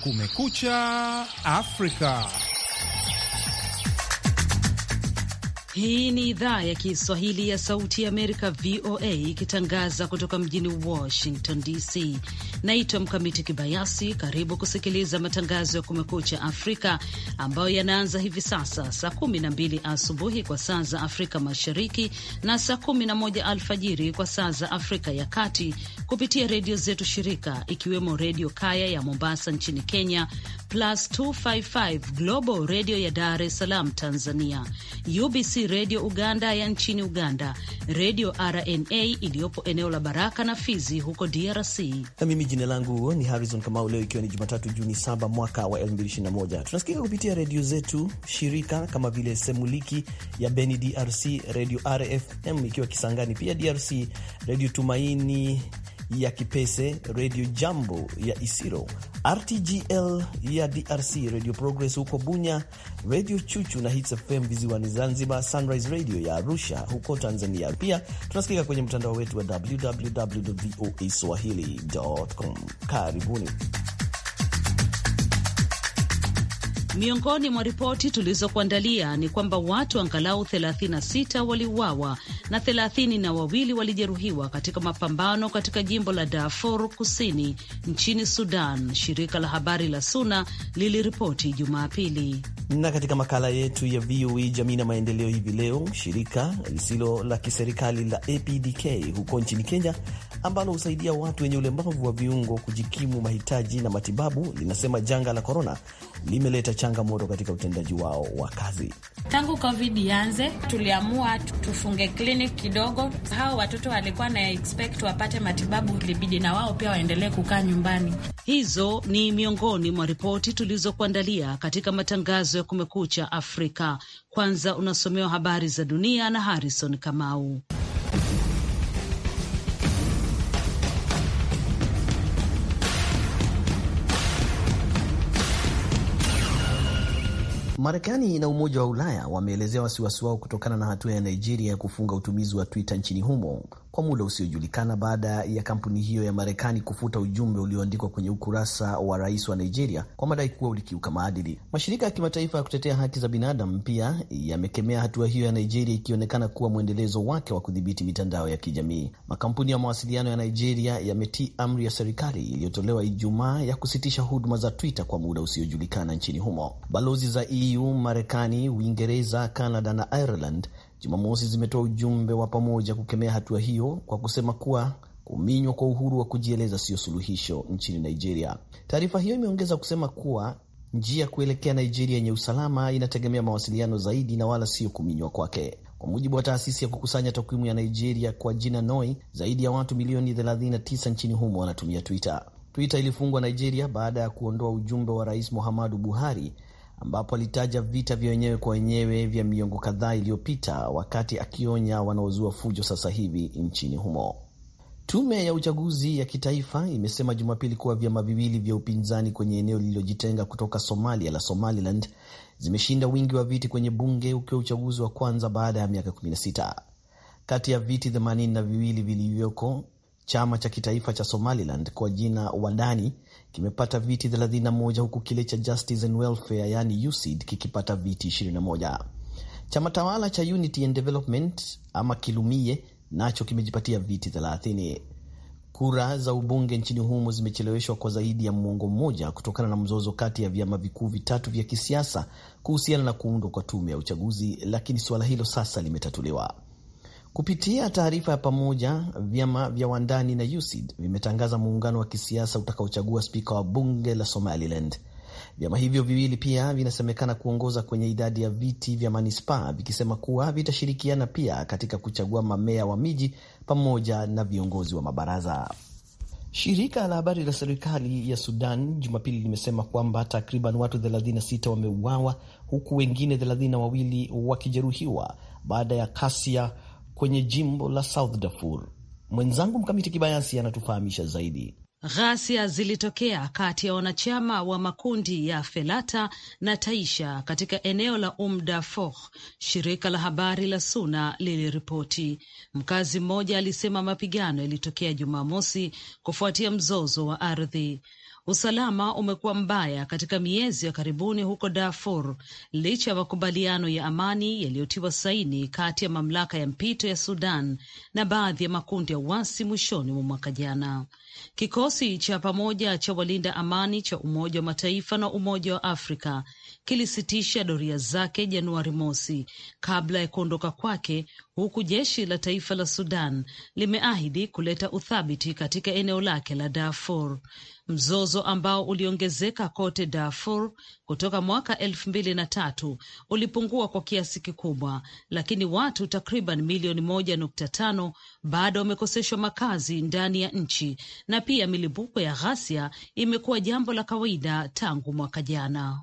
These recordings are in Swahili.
Kumekucha Afrika. Hii ni idhaa ya Kiswahili ya Sauti ya Amerika, VOA, ikitangaza kutoka mjini Washington DC. Naitwa Mkamiti Kibayasi. Karibu kusikiliza matangazo ya Kumekucha Afrika ambayo yanaanza hivi sasa saa 12 asubuhi kwa saa za Afrika Mashariki na saa 11 alfajiri kwa saa za Afrika ya Kati, kupitia redio zetu shirika, ikiwemo Redio Kaya ya Mombasa nchini Kenya, plus 255 Global Radio ya Dar es Salaam Tanzania, UBC Radio Uganda ya nchini Uganda, Radio RNA iliyopo eneo la Baraka na Fizi huko DRC. Na mimi jina langu ni Harrison Kamau. Leo ikiwa ni Jumatatu Juni 7 mwaka wa 2021, tunasikika kupitia redio zetu shirika kama vile Semuliki ya Beni DRC, Radio RFM ikiwa Kisangani pia DRC, Radio Tumaini ya Kipese, Redio Jambo ya Isiro, RTGL ya DRC, Radio Progress huko Bunya, Redio Chuchu na Hits FM visiwani Zanzibar, Sunrise Radio ya Arusha huko Tanzania. Pia tunasikika kwenye mtandao wetu wa www voa swahili.com. Karibuni. Miongoni mwa ripoti tulizokuandalia ni kwamba watu angalau 36 waliuawa na thelathini na wawili walijeruhiwa katika mapambano katika jimbo la Darfur Kusini nchini Sudan, shirika la habari la SUNA liliripoti Jumapili. Na katika makala yetu ya VOA e jamii na maendeleo hivi leo, shirika lisilo la kiserikali la APDK huko nchini Kenya ambalo husaidia watu wenye ulemavu wa viungo kujikimu mahitaji na matibabu linasema janga la korona limeleta changamoto katika utendaji wao wa kazi. Tangu COVID ianze, tuliamua tufunge klinik kidogo. Hao watoto walikuwa na expect wapate matibabu, ilibidi na wao pia waendelee kukaa nyumbani. Hizo ni miongoni mwa ripoti tulizokuandalia katika matangazo ya Kumekucha Afrika. Kwanza unasomewa habari za dunia na Harrison Kamau. Marekani na Umoja wa Ulaya wameelezea wasiwasi wao kutokana na hatua ya Nigeria ya kufunga utumizi wa Twitter nchini humo kwa muda usiojulikana baada ya kampuni hiyo ya Marekani kufuta ujumbe ulioandikwa kwenye ukurasa wa rais wa Nigeria kwa madai kuwa ulikiuka maadili. Mashirika ya kimataifa ya kutetea haki za binadamu pia yamekemea hatua hiyo ya Nigeria, ikionekana kuwa mwendelezo wake wa kudhibiti mitandao ya kijamii. Makampuni ya mawasiliano ya Nigeria yametii amri ya serikali iliyotolewa Ijumaa ya kusitisha huduma za Twitter kwa muda usiojulikana nchini humo. Balozi za EU, Marekani, Uingereza, Canada na Ireland Jumamosi zimetoa ujumbe wa pamoja kukemea hatua hiyo kwa kusema kuwa kuminywa kwa uhuru wa kujieleza siyo suluhisho nchini Nigeria. Taarifa hiyo imeongeza kusema kuwa njia kuelekea Nigeria yenye usalama inategemea mawasiliano zaidi na wala sio kuminywa kwake. Kwa mujibu wa taasisi ya kukusanya takwimu ya Nigeria kwa jina NOI, zaidi ya watu milioni 39 nchini humo wanatumia Twitter. Twitter ilifungwa Nigeria baada ya kuondoa ujumbe wa Rais Muhammadu Buhari ambapo alitaja vita vya wenyewe kwa wenyewe vya miongo kadhaa iliyopita, wakati akionya wanaozua fujo sasa hivi nchini humo. Tume ya uchaguzi ya kitaifa imesema Jumapili kuwa vyama viwili vya upinzani kwenye eneo lililojitenga kutoka Somalia la Somaliland zimeshinda wingi wa viti kwenye bunge, ukiwa uchaguzi wa kwanza baada ya miaka 16. Kati ya viti themanini na viwili vilivyoko, chama cha kitaifa cha Somaliland kwa jina Wadani kimepata viti 31 huku kile cha Justice and Welfare yani UCID kikipata viti 21. Chama tawala cha Unity and Development ama Kilumie nacho kimejipatia viti 30. Kura za ubunge nchini humo zimecheleweshwa kwa zaidi ya mwongo mmoja kutokana na mzozo kati ya vyama vikuu vitatu vya kisiasa kuhusiana na kuundwa kwa tume ya uchaguzi, lakini suala hilo sasa limetatuliwa. Kupitia taarifa ya pamoja, vyama vya wandani na USID vimetangaza muungano wa kisiasa utakaochagua spika wa bunge la Somaliland. Vyama hivyo viwili pia vinasemekana kuongoza kwenye idadi ya viti vya manispaa, vikisema kuwa vitashirikiana pia katika kuchagua mamea wa miji pamoja na viongozi wa mabaraza. Shirika la habari la serikali ya Sudan Jumapili limesema kwamba takriban watu 36 wameuawa huku wengine 32 wakijeruhiwa baada ya kasia kwenye jimbo la South Darfur. Mwenzangu Mkamiti Kibayasi anatufahamisha zaidi. Ghasia zilitokea kati ya wanachama wa makundi ya Felata na Taisha katika eneo la Umdafur, shirika la habari la Suna liliripoti. Mkazi mmoja alisema mapigano yalitokea Jumamosi kufuatia mzozo wa ardhi. Usalama umekuwa mbaya katika miezi ya karibuni huko Darfur licha ya makubaliano ya amani yaliyotiwa saini kati ya mamlaka ya mpito ya Sudan na baadhi ya makundi ya uasi mwishoni mwa mwaka jana. Kikosi cha pamoja cha walinda amani cha Umoja wa Mataifa na Umoja wa Afrika kilisitisha doria zake Januari mosi kabla ya kuondoka kwake, huku jeshi la taifa la Sudan limeahidi kuleta uthabiti katika eneo lake la Darfur, mzozo ambao uliongezeka kote Darfur kutoka mwaka elfu mbili na tatu ulipungua kwa kiasi kikubwa, lakini watu takriban milioni moja nukta tano bado wamekoseshwa makazi ndani ya nchi, na pia milipuko ya ghasia imekuwa jambo la kawaida tangu mwaka jana.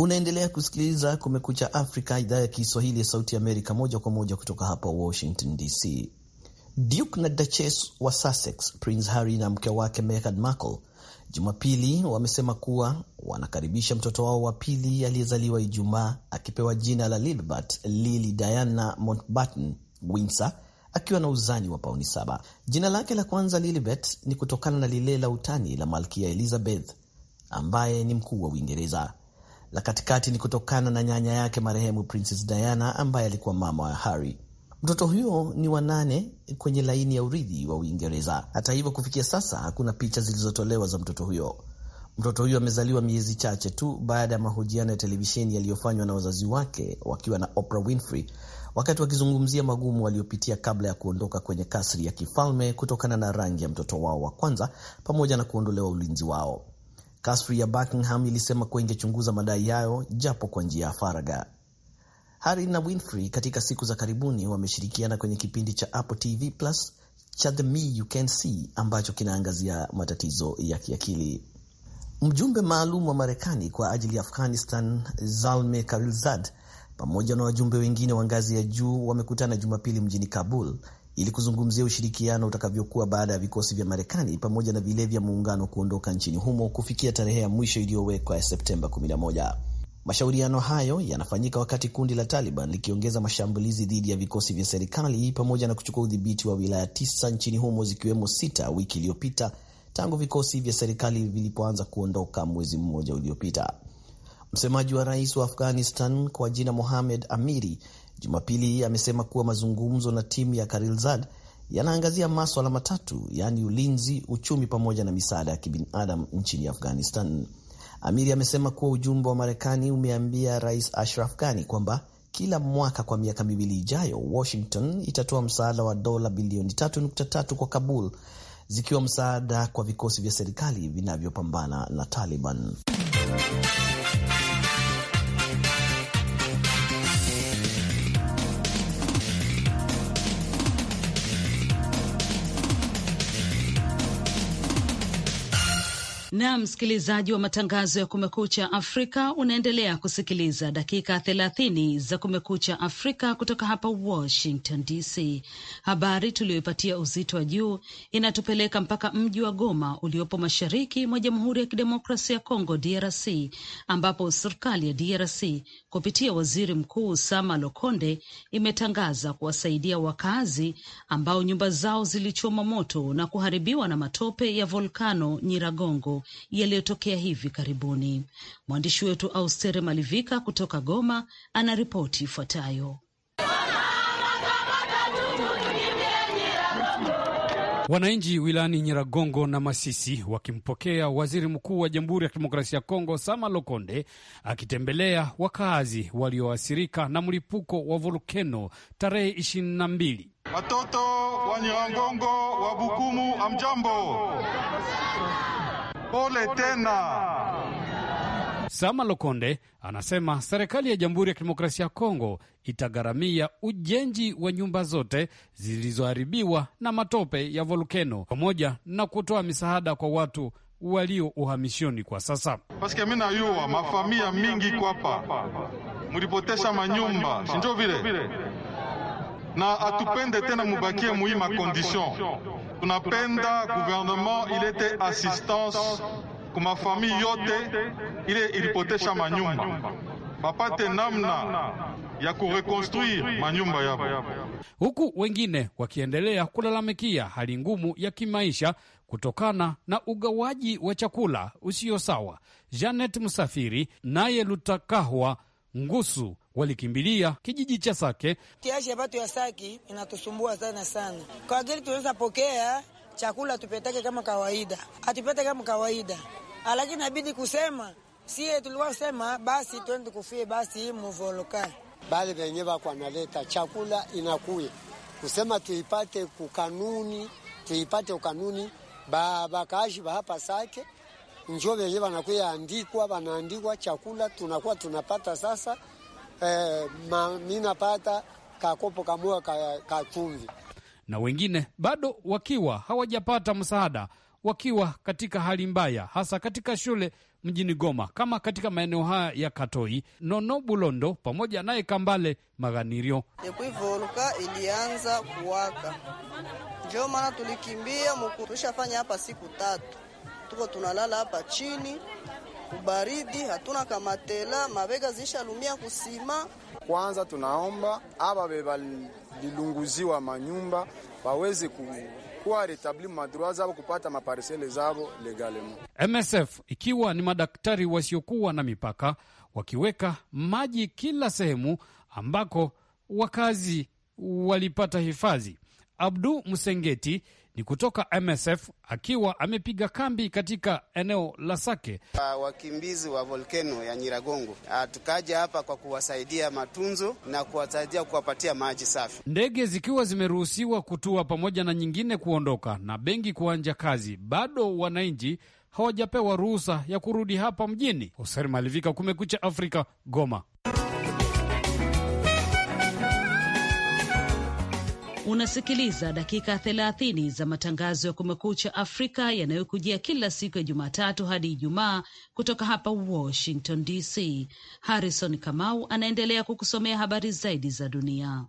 Unaendelea kusikiliza Kumekucha Afrika, idhaa ya Kiswahili ya Sauti Amerika, moja kwa moja kutoka hapa Washington DC. Duke na Duchess wa Sussex, Prince Harry na mke wake Meghan Markle Jumapili wamesema kuwa wanakaribisha mtoto wao wa pili aliyezaliwa Ijumaa akipewa jina la Lilibet Lily Diana Mountbatten Windsor akiwa na uzani wa pauni saba. Jina lake la kwanza Lilibet ni kutokana na lile la utani la Malkia Elizabeth ambaye ni mkuu wa Uingereza. La katikati ni kutokana na nyanya yake marehemu Princess Diana ambaye alikuwa mama wa Harry. Mtoto huyo ni wanane kwenye laini ya urithi wa Uingereza. Hata hivyo, kufikia sasa hakuna picha zilizotolewa za mtoto huyo. Mtoto huyo amezaliwa miezi chache tu baada ya mahojiano ya televisheni yaliyofanywa na wazazi wake wakiwa na Oprah Winfrey, wakati wakizungumzia magumu waliopitia kabla ya kuondoka kwenye kasri ya kifalme kutokana na rangi ya mtoto wao wa kwanza pamoja na kuondolewa ulinzi wao. Kasri ya Buckingham ilisema kuwa ingechunguza madai hayo japo kwa njia ya faragha. Harry na Winfrey katika siku za karibuni wameshirikiana kwenye kipindi cha Apple TV Plus cha The Me You Can See ambacho kinaangazia matatizo ya kiakili. Mjumbe maalum wa Marekani kwa ajili ya Afghanistan zalme Karilzad pamoja na wajumbe wengine wa ngazi ya juu wamekutana Jumapili mjini Kabul ili kuzungumzia ushirikiano utakavyokuwa baada ya vikosi vya Marekani pamoja na vile vya muungano kuondoka nchini humo kufikia tarehe ya mwisho iliyowekwa ya Septemba 11. Mashauriano hayo yanafanyika wakati kundi la Taliban likiongeza mashambulizi dhidi ya vikosi vya serikali pamoja na kuchukua udhibiti wa wilaya tisa nchini humo zikiwemo sita wiki iliyopita tangu vikosi vya serikali vilipoanza kuondoka mwezi mmoja uliopita. Msemaji wa rais wa Afghanistan kwa jina Mohamed Amiri Jumapili amesema kuwa mazungumzo na timu ya Karilzad yanaangazia maswala matatu, yaani ulinzi, uchumi pamoja na misaada ya kibinadamu nchini Afghanistan. Amiri amesema kuwa ujumbe wa Marekani umeambia Rais Ashraf Ghani kwamba kila mwaka kwa miaka miwili ijayo, Washington itatoa msaada wa dola bilioni 3.3 kwa Kabul, zikiwa msaada kwa vikosi vya serikali vinavyopambana na Taliban. na msikilizaji wa matangazo ya Kumekucha Afrika, unaendelea kusikiliza dakika thelathini za Kumekucha Afrika kutoka hapa Washington DC. Habari tuliyoipatia uzito wa juu inatupeleka mpaka mji wa Goma uliopo mashariki mwa Jamhuri ya Kidemokrasia ya Kongo, DRC, ambapo serikali ya DRC kupitia waziri mkuu Sama Lokonde imetangaza kuwasaidia wakazi ambao nyumba zao zilichoma moto na kuharibiwa na matope ya volkano Nyiragongo yaliyotokea hivi karibuni. Mwandishi wetu Austere Malivika kutoka Goma ana ripoti ifuatayo. Wananchi wilayani Nyiragongo na Masisi wakimpokea waziri mkuu wa Jamhuri ya Kidemokrasia ya Kongo Sama lokonde akitembelea wakaazi walioathirika na mlipuko wa volkeno tarehe ishirini na mbili. Watoto wa Nyiragongo wa Bukumu, amjambo Pole tena. Sama Lokonde anasema serikali ya Jamhuri ya Kidemokrasia ya Kongo itagharamia ujenzi wa nyumba zote zilizoharibiwa na matope ya volkeno pamoja na kutoa misaada kwa watu walio uhamishoni kwa sasa. Paske mi nayua mafamia mingi kwapa mulipotesha manyumba sinjo vile, na atupende tena mubakie muima kondision tunapenda gouvernement ilete assistance kuma famille yote ile ilipotesha manyumba bapate namna ya kurekonstruire manyumba yabo, huku wengine wakiendelea kulalamikia hali ngumu ya kimaisha kutokana na ugawaji wa chakula usio sawa. Janet Msafiri naye Lutakahwa Ngusu walikimbilia kijiji cha Sake. Kiashi ya pato ya Saki inatusumbua sana sana, kwa wageni tunaweza pokea chakula tupetake kama kawaida, atupete kama kawaida, ah, lakini nabidi kusema sie tulikuwa sema basi twende kufie basi muvoloka bali venye vakwanaleta chakula inakuya kusema tuipate kukanuni tuipate ukanuni bavakashi ba vahapa Sake njo venye vanakuya andikwa vanaandikwa chakula tunakuwa tunapata sasa eh, minapata kakopo kamoja ka, ka chumvi, na wengine bado wakiwa hawajapata msaada, wakiwa katika hali mbaya, hasa katika shule mjini Goma, kama katika maeneo haya ya Katoi, Nono, Bulondo pamoja naye Kambale Maganirio. Ekwivoluka ilianza kuwaka, njoo maana tulikimbia mukutushafanya hapa siku tatu, tuko tunalala hapa chini kubaridi, hatuna kamatela, mabega lumia kusima. Kwanza tunaomba aba bebalilunguziwa manyumba waweze ku kuwa retabli zao kupata maparsele zao legalement. MSF ikiwa ni madaktari wasiokuwa na mipaka wakiweka maji kila sehemu ambako wakazi walipata hifadhi. Abdu msengeti ni kutoka MSF akiwa amepiga kambi katika eneo la Sake. Wakimbizi wa volkeno ya Nyiragongo, ah, tukaja hapa kwa kuwasaidia matunzo na kuwasaidia kuwapatia maji safi. Ndege zikiwa zimeruhusiwa kutua pamoja na nyingine kuondoka na benki kuanja kazi, bado wananchi hawajapewa ruhusa ya kurudi hapa mjini. Hoser Malivika, Kumekucha Afrika, Goma. Unasikiliza dakika 30 za matangazo ya Kumekucha Afrika yanayokujia kila siku ya Jumatatu hadi Ijumaa kutoka hapa Washington DC. Harrison Kamau anaendelea kukusomea habari zaidi za dunia.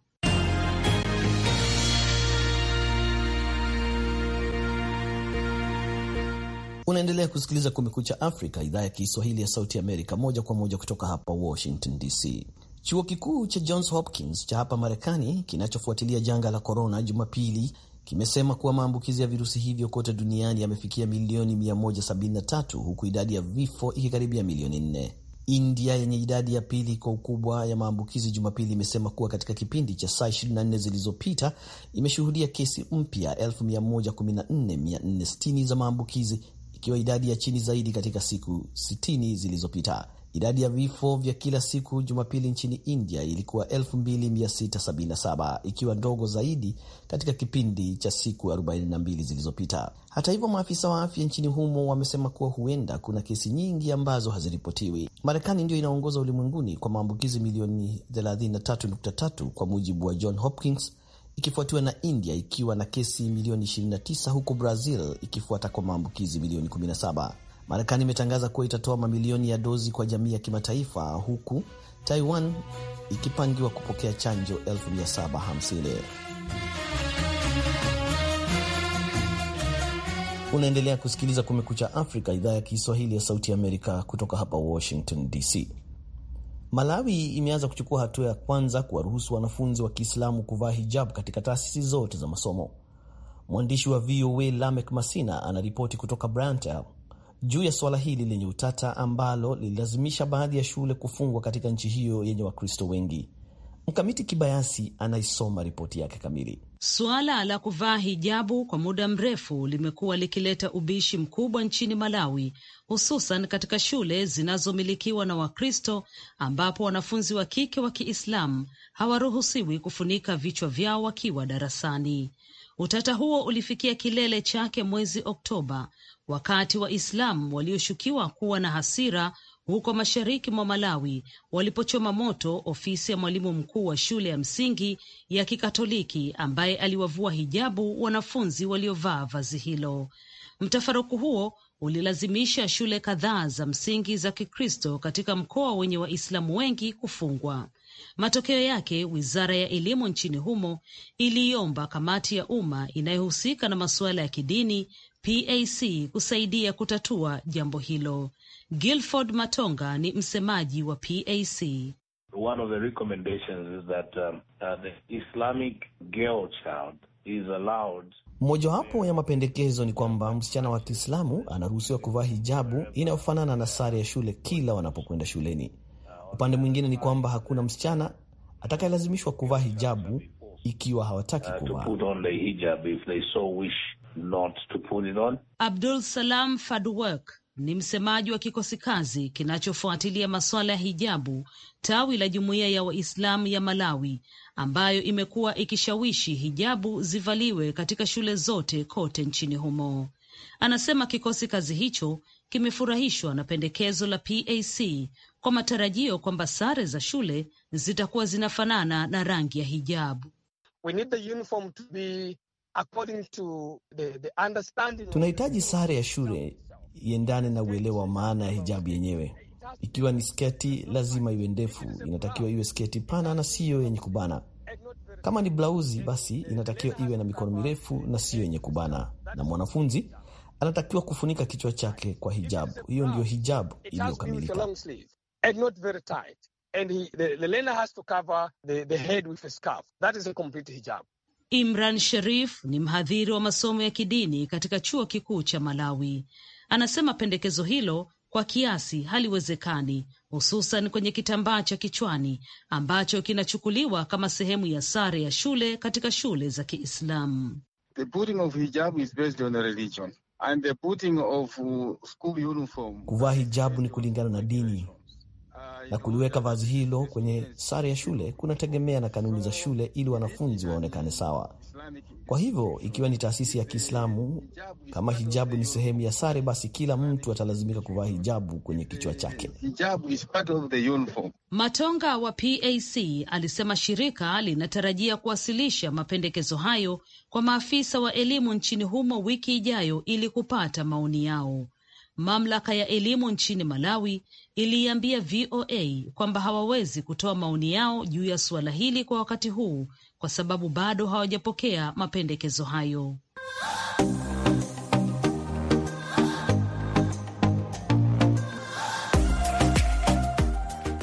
Unaendelea kusikiliza Kumekucha Afrika, idhaa ya Kiswahili ya Sauti Amerika, moja kwa moja kutoka hapa Washington DC. Chuo kikuu cha Johns Hopkins cha hapa Marekani kinachofuatilia janga la korona, Jumapili kimesema kuwa maambukizi ya virusi hivyo kote duniani yamefikia milioni 173 huku idadi ya vifo ikikaribia milioni 4. India yenye idadi ya pili kwa ukubwa ya maambukizi Jumapili imesema kuwa katika kipindi cha saa 24 zilizopita imeshuhudia kesi mpya 114460 za maambukizi ikiwa idadi ya chini zaidi katika siku 60 zilizopita. Idadi ya vifo vya kila siku Jumapili nchini India ilikuwa 2677 ikiwa ndogo zaidi katika kipindi cha siku 42 zilizopita. Hata hivyo, maafisa wa afya nchini humo wamesema kuwa huenda kuna kesi nyingi ambazo haziripotiwi. Marekani ndiyo inaongoza ulimwenguni kwa maambukizi milioni 33.3 kwa mujibu wa John Hopkins, ikifuatiwa na India ikiwa na kesi milioni 29 huku Brazil ikifuata kwa maambukizi milioni 17. Marekani imetangaza kuwa itatoa mamilioni ya dozi kwa jamii ya kimataifa huku Taiwan ikipangiwa kupokea chanjo 750 Unaendelea kusikiliza Kumekucha Afrika, idhaa ya Kiswahili ya Sauti Amerika, kutoka hapa Washington DC. Malawi imeanza kuchukua hatua ya kwanza kuwaruhusu wanafunzi wa Kiislamu kuvaa hijab katika taasisi zote za masomo. Mwandishi wa VOA Lamek Masina anaripoti kutoka Brantel juu ya suala hili lenye utata ambalo lililazimisha baadhi ya shule kufungwa katika nchi hiyo yenye Wakristo wengi. Mkamiti Kibayasi anaisoma ripoti yake kamili. Suala la kuvaa hijabu kwa muda mrefu limekuwa likileta ubishi mkubwa nchini Malawi, hususan katika shule zinazomilikiwa na Wakristo, ambapo wanafunzi wa kike wa Kiislamu hawaruhusiwi kufunika vichwa vyao wakiwa darasani. Utata huo ulifikia kilele chake mwezi Oktoba wakati Waislamu walioshukiwa kuwa na hasira huko mashariki mwa Malawi walipochoma moto ofisi ya mwalimu mkuu wa shule ya msingi ya Kikatoliki ambaye aliwavua hijabu wanafunzi waliovaa vazi hilo. Mtafaruku huo ulilazimisha shule kadhaa za msingi za Kikristo katika mkoa wenye Waislamu wengi kufungwa. Matokeo yake wizara ya elimu nchini humo iliiomba kamati ya umma inayohusika na masuala ya kidini PAC kusaidia kutatua jambo hilo. Gilford Matonga ni msemaji wa PAC. One of the recommendations is that, um, uh, the Islamic girl child is allowed... Mojawapo ya mapendekezo ni kwamba msichana wa Kiislamu anaruhusiwa kuvaa hijabu inayofanana na sare ya shule kila wanapokwenda shuleni. Upande mwingine ni kwamba hakuna msichana atakayelazimishwa kuvaa hijabu ikiwa hawataki uh, kuvaa. Abdul Salam Fadwork ni msemaji wa kikosi kazi kinachofuatilia masuala ya hijabu tawi la jumuiya ya Waislamu ya Malawi ambayo imekuwa ikishawishi hijabu zivaliwe katika shule zote kote nchini humo. Anasema kikosi kazi hicho kimefurahishwa na pendekezo la PAC kwa matarajio kwamba sare za shule zitakuwa zinafanana na rangi ya hijabu. We need the uniform to be according to the, the understanding. Tunahitaji sare ya shule iendane na uelewa wa maana ya hijabu yenyewe. Ikiwa ni sketi, lazima iwe ndefu, inatakiwa iwe sketi pana na siyo yenye kubana. Kama ni blauzi, basi inatakiwa iwe na mikono mirefu na siyo yenye kubana, na mwanafunzi anatakiwa kufunika kichwa chake kwa hijabu. Hiyo ndiyo hijabu iliyokamilika and not very tight. And he, the, the learner has to cover the, the head with a scarf. That is a complete hijab. Imran Sharif ni mhadhiri wa masomo ya kidini katika chuo kikuu cha Malawi. Anasema pendekezo hilo kwa kiasi haliwezekani, hususan kwenye kitambaa cha kichwani ambacho kinachukuliwa kama sehemu ya sare ya shule katika shule za Kiislamu. Kuvaa hijabu ni kulingana na dini na kuliweka vazi hilo kwenye sare ya shule kunategemea na kanuni za shule ili wanafunzi waonekane sawa. Kwa hivyo ikiwa ni taasisi ya Kiislamu, kama hijabu ni sehemu ya sare, basi kila mtu atalazimika kuvaa hijabu kwenye kichwa chake. Matonga wa PAC alisema shirika linatarajia kuwasilisha mapendekezo hayo kwa maafisa wa elimu nchini humo wiki ijayo ili kupata maoni yao. Mamlaka ya elimu nchini Malawi iliiambia VOA kwamba hawawezi kutoa maoni yao juu ya suala hili kwa wakati huu kwa sababu bado hawajapokea mapendekezo hayo.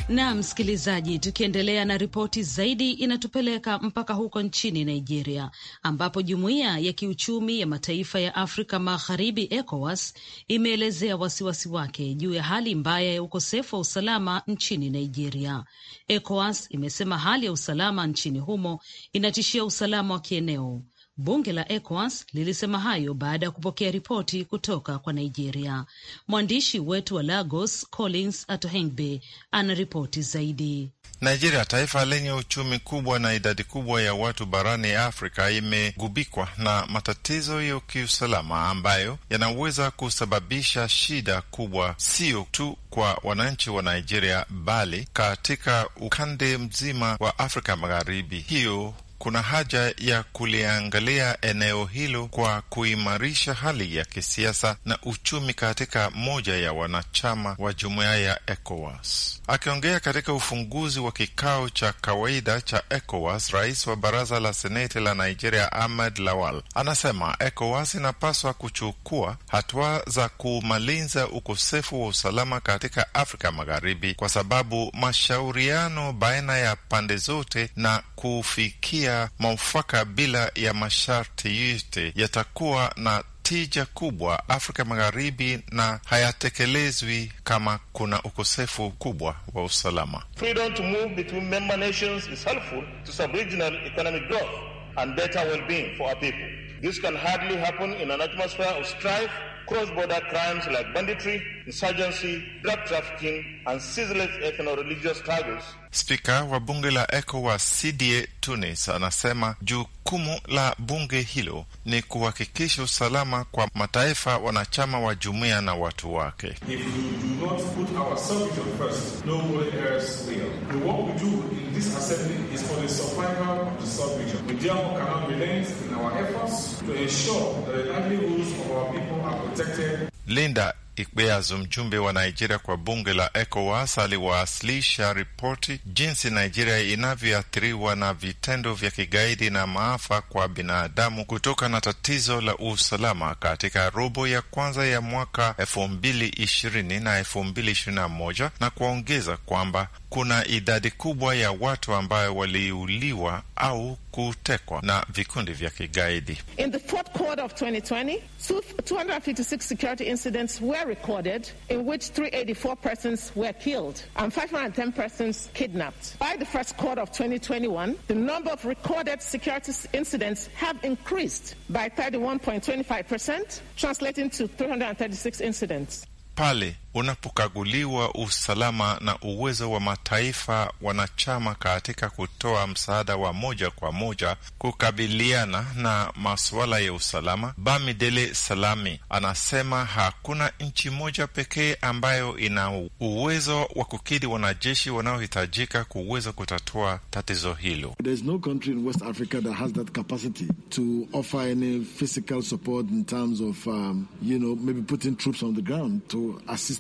Na msikilizaji, tukiendelea na ripoti zaidi, inatupeleka mpaka huko nchini Nigeria ambapo jumuiya ya kiuchumi ya mataifa ya Afrika Magharibi ECOWAS imeelezea wasiwasi wake juu ya hali mbaya ya ukosefu wa usalama nchini Nigeria. ECOWAS imesema hali ya usalama nchini humo inatishia usalama wa kieneo Bunge la ECOWAS lilisema hayo baada ya kupokea ripoti kutoka kwa Nigeria. Mwandishi wetu wa Lagos, Collins Atohengbe, ana ripoti zaidi. Nigeria, taifa lenye uchumi kubwa na idadi kubwa ya watu barani Afrika, imegubikwa na matatizo ya kiusalama ambayo yanaweza kusababisha shida kubwa, sio tu kwa wananchi wa Nigeria, bali katika ukande mzima wa Afrika Magharibi. Hiyo kuna haja ya kuliangalia eneo hilo kwa kuimarisha hali ya kisiasa na uchumi katika moja ya wanachama wa jumuiya ya ECOWAS. Akiongea katika ufunguzi wa kikao cha kawaida cha ECOWAS, rais wa baraza la seneti la Nigeria Ahmed Lawal anasema ECOWAS inapaswa kuchukua hatua za kumaliza ukosefu wa usalama katika Afrika Magharibi, kwa sababu mashauriano baina ya pande zote na kufikia maufaka bila ya masharti yote yatakuwa na tija kubwa Afrika Magharibi na hayatekelezwi kama kuna ukosefu kubwa wa usalama. Freedom to move between member nations is helpful to sub-regional economic growth and better well-being for our people. This can hardly happen in an atmosphere of strife cross-border crimes like banditry, insurgency, drug trafficking, and ceaseless ethno-religious struggles. Spika wa bunge la ECOWAS CDA Tunis anasema jukumu la bunge hilo ni kuhakikisha usalama kwa mataifa wanachama wa jumuiya na watu wake. If we do not put our subject first, no one else will. we do This assembly is for the survival of the sub-region. We therefore cannot relent in our efforts to ensure that the livelihoods of our people are protected. Linda Ikpeazu, mjumbe wa Nigeria kwa bunge la ECOWAS, aliwasilisha ripoti jinsi Nigeria inavyoathiriwa na vitendo vya kigaidi na maafa kwa binadamu kutoka na tatizo la usalama katika robo ya kwanza ya mwaka elfu mbili ishirini na elfu mbili ishirini na moja na kuongeza kwamba kuna idadi kubwa ya watu ambayo waliuliwa au kutekwa na vikundi vya kigaidi. In the fourth quarter of 2020, 256 security incidents were recorded in which 384 persons were killed and 510 persons kidnapped. By the first quarter of 2021, the number of recorded security incidents have increased by 31.25%, translating to 336 incidents. Pally. unapokaguliwa usalama na uwezo wa mataifa wanachama katika kutoa msaada wa moja kwa moja kukabiliana na masuala ya usalama. Bamidele Salami anasema hakuna nchi moja pekee ambayo ina uwezo wa kukidhi wanajeshi wanaohitajika kuweza kutatua tatizo hilo.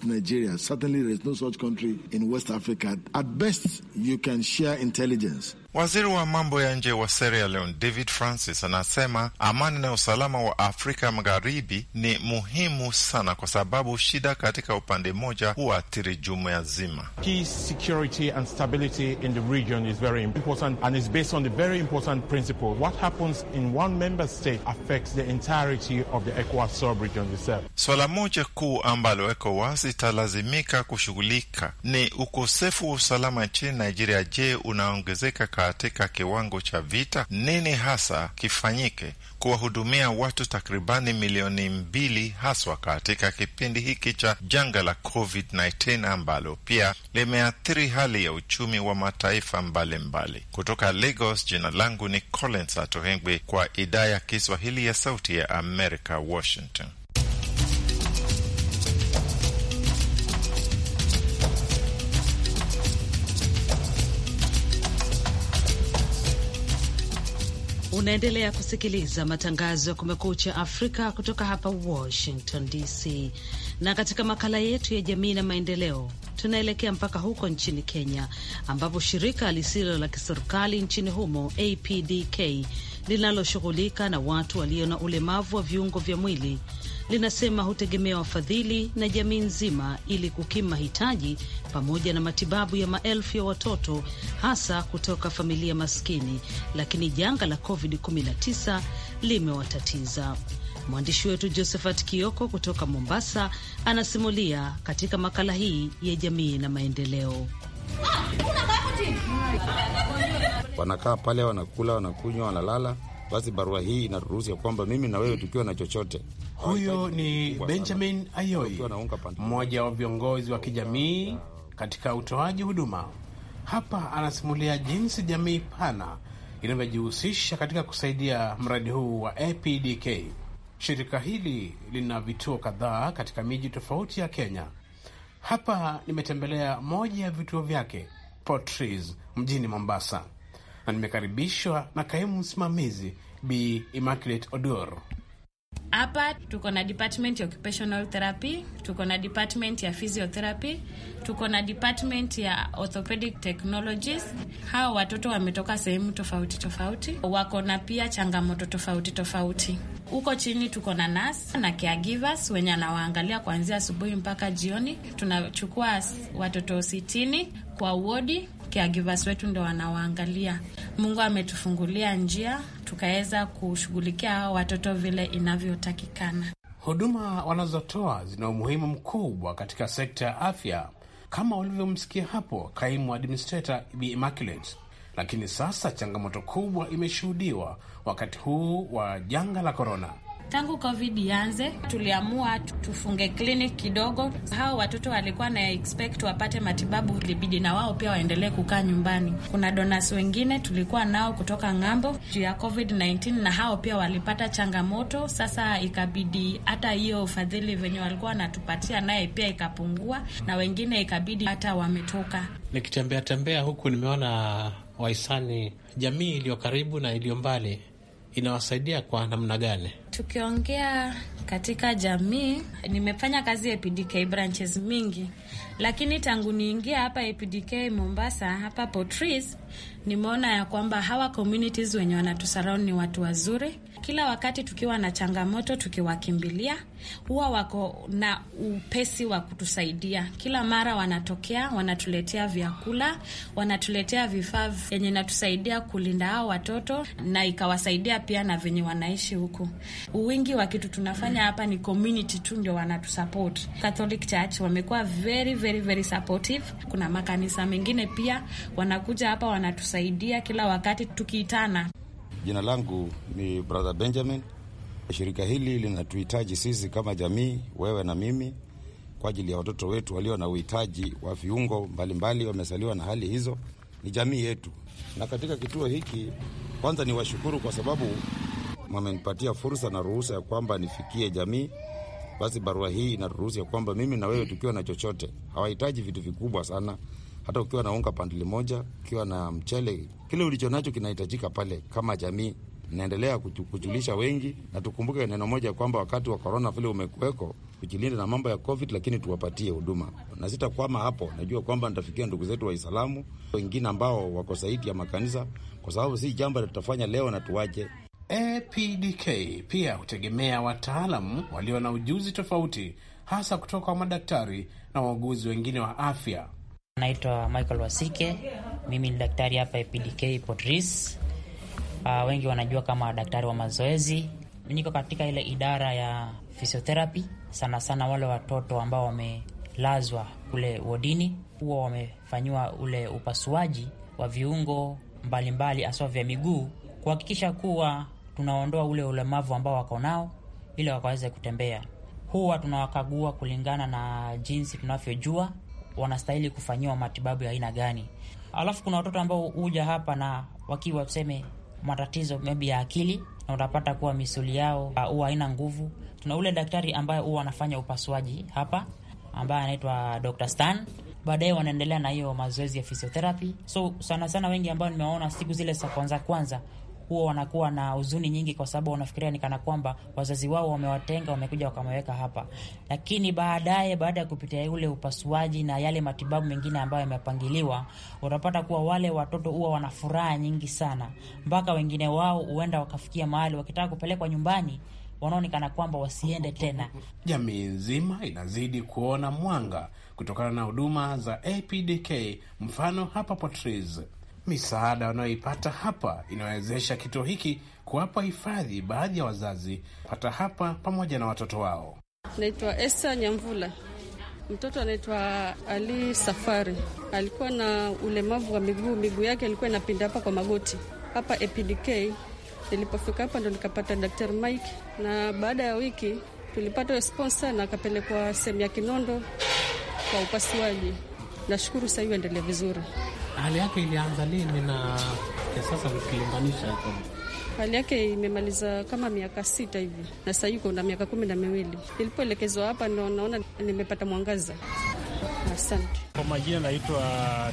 Nigeria. Certainly, there is no such country in West Africa. At best, you can share intelligence. Waziri wa mambo ya nje wa Sierra Leone David Francis anasema amani na usalama wa Afrika Magharibi ni muhimu sana, kwa sababu shida katika upande mmoja huathiri jumuiya zima. Swala moja kuu ambalo ECOWAS italazimika kushughulika ni ukosefu wa usalama nchini Nigeria. Je, unaongezeka katika kiwango cha vita, nini hasa kifanyike kuwahudumia watu takribani milioni mbili haswa katika kipindi hiki cha janga la COVID-19 ambalo pia limeathiri hali ya uchumi wa mataifa mbalimbali mbali. Kutoka Lagos, jina langu ni Collins Atohengwi kwa idhaa ya Kiswahili ya Sauti ya Amerika, Washington. Unaendelea kusikiliza matangazo ya Kumekucha Afrika kutoka hapa Washington DC, na katika makala yetu ya jamii na maendeleo tunaelekea mpaka huko nchini Kenya, ambapo shirika lisilo la kiserikali nchini humo APDK linaloshughulika na watu walio na ulemavu wa viungo vya mwili linasema hutegemea wafadhili na jamii nzima ili kukimu mahitaji pamoja na matibabu ya maelfu ya watoto hasa kutoka familia maskini, lakini janga la COVID-19 limewatatiza. Mwandishi wetu Josephat Kioko kutoka Mombasa anasimulia katika makala hii ya jamii na maendeleo. Wanakaa pale, wanakula, wanakunywa, wanalala. Basi barua hii inaruhusu ya kwamba mimi na wewe tukiwa na chochote Huyu ni Benjamin Ayoi, mmoja wa viongozi wa kijamii katika utoaji huduma. Hapa anasimulia jinsi jamii pana inavyojihusisha katika kusaidia mradi huu wa APDK. Shirika hili lina vituo kadhaa katika miji tofauti ya Kenya. Hapa nimetembelea moja ya vituo vyake Potris mjini Mombasa, na nimekaribishwa na kaimu msimamizi Bi Immaculate Odor. Hapa tuko na department ya occupational therapy, tuko na department ya physiotherapy, tuko na department ya orthopedic technologies. Hawa watoto wametoka sehemu tofauti tofauti, wako na pia changamoto tofauti tofauti. Huko chini tuko na nurse na caregivers wenye anawaangalia kuanzia asubuhi mpaka jioni. Tunachukua watoto sitini kwa wodi, caregivers wetu ndo wanawaangalia. Mungu ametufungulia njia, tukaweza kushughulikia hao watoto vile inavyotakikana. Huduma wanazotoa zina umuhimu mkubwa katika sekta ya afya, kama ulivyomsikia hapo kaimu administrator Bi Immaculate. Lakini sasa changamoto kubwa imeshuhudiwa wakati huu wa janga la korona Tangu covid ianze, tuliamua tufunge clinic kidogo. Hao watoto walikuwa na expect wapate matibabu, ilibidi na wao pia waendelee kukaa nyumbani. Kuna donors wengine tulikuwa nao kutoka ng'ambo juu ya covid-19, na hao pia walipata changamoto. Sasa ikabidi hata hiyo ufadhili venye walikuwa wanatupatia naye pia ikapungua, na wengine ikabidi hata wametoka. Nikitembea tembea huku nimeona wahisani, jamii iliyo karibu na iliyo mbali inawasaidia kwa namna gani? Tukiongea katika jamii, nimefanya kazi APDK e branches mingi, lakini tangu niingia hapa APDK e Mombasa hapa Potris, nimeona ya kwamba hawa communities wenye wanatusurround ni watu wazuri kila wakati tukiwa na changamoto, tukiwakimbilia, huwa wako na upesi wa kutusaidia. Kila mara wanatokea, wanatuletea vyakula, wanatuletea vifaa vyenye natusaidia kulinda hao watoto na ikawasaidia pia na venye wanaishi huku. Wingi wa kitu tunafanya hapa ni community tu ndio wanatusupport. Catholic Church wamekuwa very very very supportive. Kuna makanisa mengine pia wanakuja hapa wanatusaidia kila wakati tukiitana. Jina langu ni Brother Benjamin. Shirika hili linatuhitaji sisi kama jamii, wewe na mimi, kwa ajili ya watoto wetu walio na uhitaji wa viungo mbalimbali, wamesaliwa na hali hizo, ni jamii yetu. Na katika kituo hiki, kwanza ni washukuru kwa sababu wamenipatia fursa na ruhusa ya kwamba nifikie jamii. Basi barua hii inaruhusu ya kwamba mimi na wewe tukiwa na chochote, hawahitaji vitu vikubwa sana hata ukiwa na unga pandili moja, ukiwa na mchele, kile ulicho nacho kinahitajika pale. Kama jamii naendelea kujulisha wengi, na tukumbuke neno moja kwamba wakati wa korona vile umekuweko kujilinda na mambo ya COVID, lakini tuwapatie huduma na sitakwama hapo. Najua kwamba nitafikia ndugu zetu Waislamu wengine ambao wako zaidi ya makanisa, kwa sababu si jambo la tutafanya leo na tuwache. APDK pia hutegemea wataalamu walio na ujuzi tofauti, hasa kutoka kwa madaktari na wauguzi wengine wa afya Naitwa Michael Wasike, mimi ni daktari hapa EPDK Potris. Uh, ah, wengi wanajua kama daktari wa mazoezi. Niko katika ile idara ya physiotherapy, sana sana wale watoto ambao wamelazwa kule wodini huwa wamefanyiwa ule upasuaji wa viungo mbalimbali haswa vya miguu kuhakikisha kuwa tunaondoa ule ulemavu ambao wako nao ili wakaweze kutembea. Huwa tunawakagua kulingana na jinsi tunavyojua wanastahili kufanyiwa matibabu ya aina gani. Alafu kuna watoto ambao huja hapa na wakiwa tuseme matatizo maybe ya akili, na utapata kuwa misuli yao ah, huwa haina nguvu. Tuna ule daktari ambaye huwa anafanya upasuaji hapa ambaye anaitwa Dr. Stan. Baadaye wanaendelea na hiyo mazoezi ya physiotherapy. So sana sana wengi ambao nimewaona siku zile za kwanza kwanza huwa wanakuwa na huzuni nyingi, kwa sababu wanafikiria ni kana kwamba wazazi wao wamewatenga, wamekuja wakamweka hapa. Lakini baadaye, baada ya kupitia ule upasuaji na yale matibabu mengine ambayo yamepangiliwa, utapata kuwa wale watoto huwa wana furaha nyingi sana, mpaka wengine wao huenda wakafikia mahali wakitaka kupelekwa nyumbani wanaonekana kwamba wasiende tena. Jamii nzima inazidi kuona mwanga kutokana na huduma za APDK, mfano hapa Patrice misaada wanayoipata hapa inawezesha kituo hiki kuwapa hifadhi baadhi ya wazazi pata hapa pamoja na watoto wao. Naitwa Esa Nyamvula. Mtoto anaitwa Ali Safari, alikuwa na ulemavu wa miguu, miguu yake alikuwa inapinda hapa kwa magoti hapa EPDK. Nilipofika hapa ndo nikapata Daktari Mike, na baada ya wiki tulipata sponsa na akapelekwa sehemu ya Kinondo kwa upasuaji. Nashukuru sahii hivi vizuri. Hali yake ilianza lini na sasa ukilinganisha? Hali yake imemaliza kama miaka sita hivi na sasa yuko na miaka kumi na miwili. Nilipoelekezwa hapa ndo naona nimepata mwangaza. Asante. Kwa majina naitwa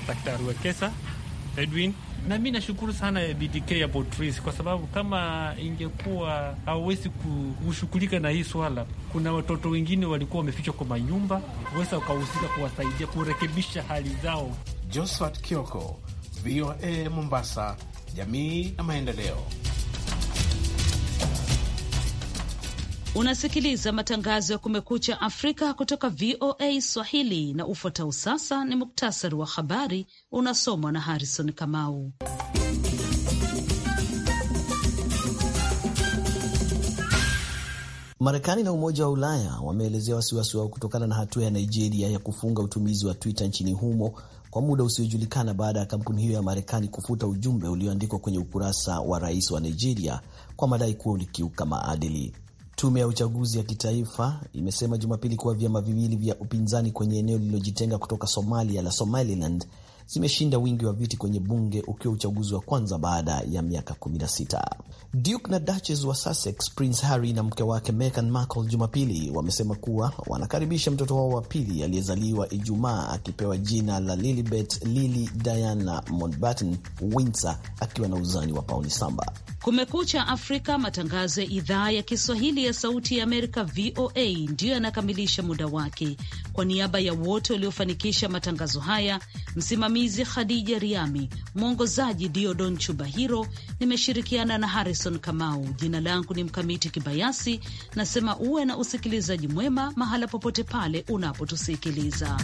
Daktari Wekesa Edwin. Na mi nashukuru sana eh, BDK ya Botris kwa sababu kama ingekuwa hawawezi kushughulika na hii swala, kuna watoto wengine walikuwa wamefichwa kwa manyumba, weza ukahusika kuwasaidia kurekebisha hali zao. Josephat Kioko, VOA Mombasa, jamii na maendeleo. Unasikiliza matangazo ya Kumekucha Afrika kutoka VOA Swahili, na ufuatao sasa ni muktasari wa habari unasomwa na Harrison Kamau. Marekani na Umoja wa Ulaya wameelezea wasiwasi wao kutokana na hatua ya Nigeria ya kufunga utumizi wa Twitter nchini humo kwa muda usiojulikana baada ya kampuni hiyo ya Marekani kufuta ujumbe ulioandikwa kwenye ukurasa wa rais wa Nigeria kwa madai kuwa ulikiuka maadili. Tume ya uchaguzi ya kitaifa imesema Jumapili kuwa vyama viwili vya upinzani kwenye eneo lililojitenga kutoka Somalia la Somaliland zimeshinda wingi wa viti kwenye bunge ukiwa uchaguzi wa kwanza baada ya miaka 16. Duke na Duchess wa Sussex, Prince Harry na mke wake Meghan Markle Jumapili wamesema kuwa wanakaribisha mtoto wao wa pili aliyezaliwa Ijumaa akipewa jina la Lilibet Lili Diana Mountbatten Windsor akiwa na uzani wa pauni saba. Kumekucha Afrika, matangazo ya idhaa ya Kiswahili ya Sauti ya Amerika, VOA, ndiyo yanakamilisha muda wake. Kwa niaba ya wote waliofanikisha matangazo haya msimamizi msimamizi Khadija Riami, mwongozaji Diodon Chubahiro. Nimeshirikiana na Harrison Kamau. Jina langu ni Mkamiti Kibayasi, nasema uwe na usikilizaji mwema mahala popote pale unapotusikiliza.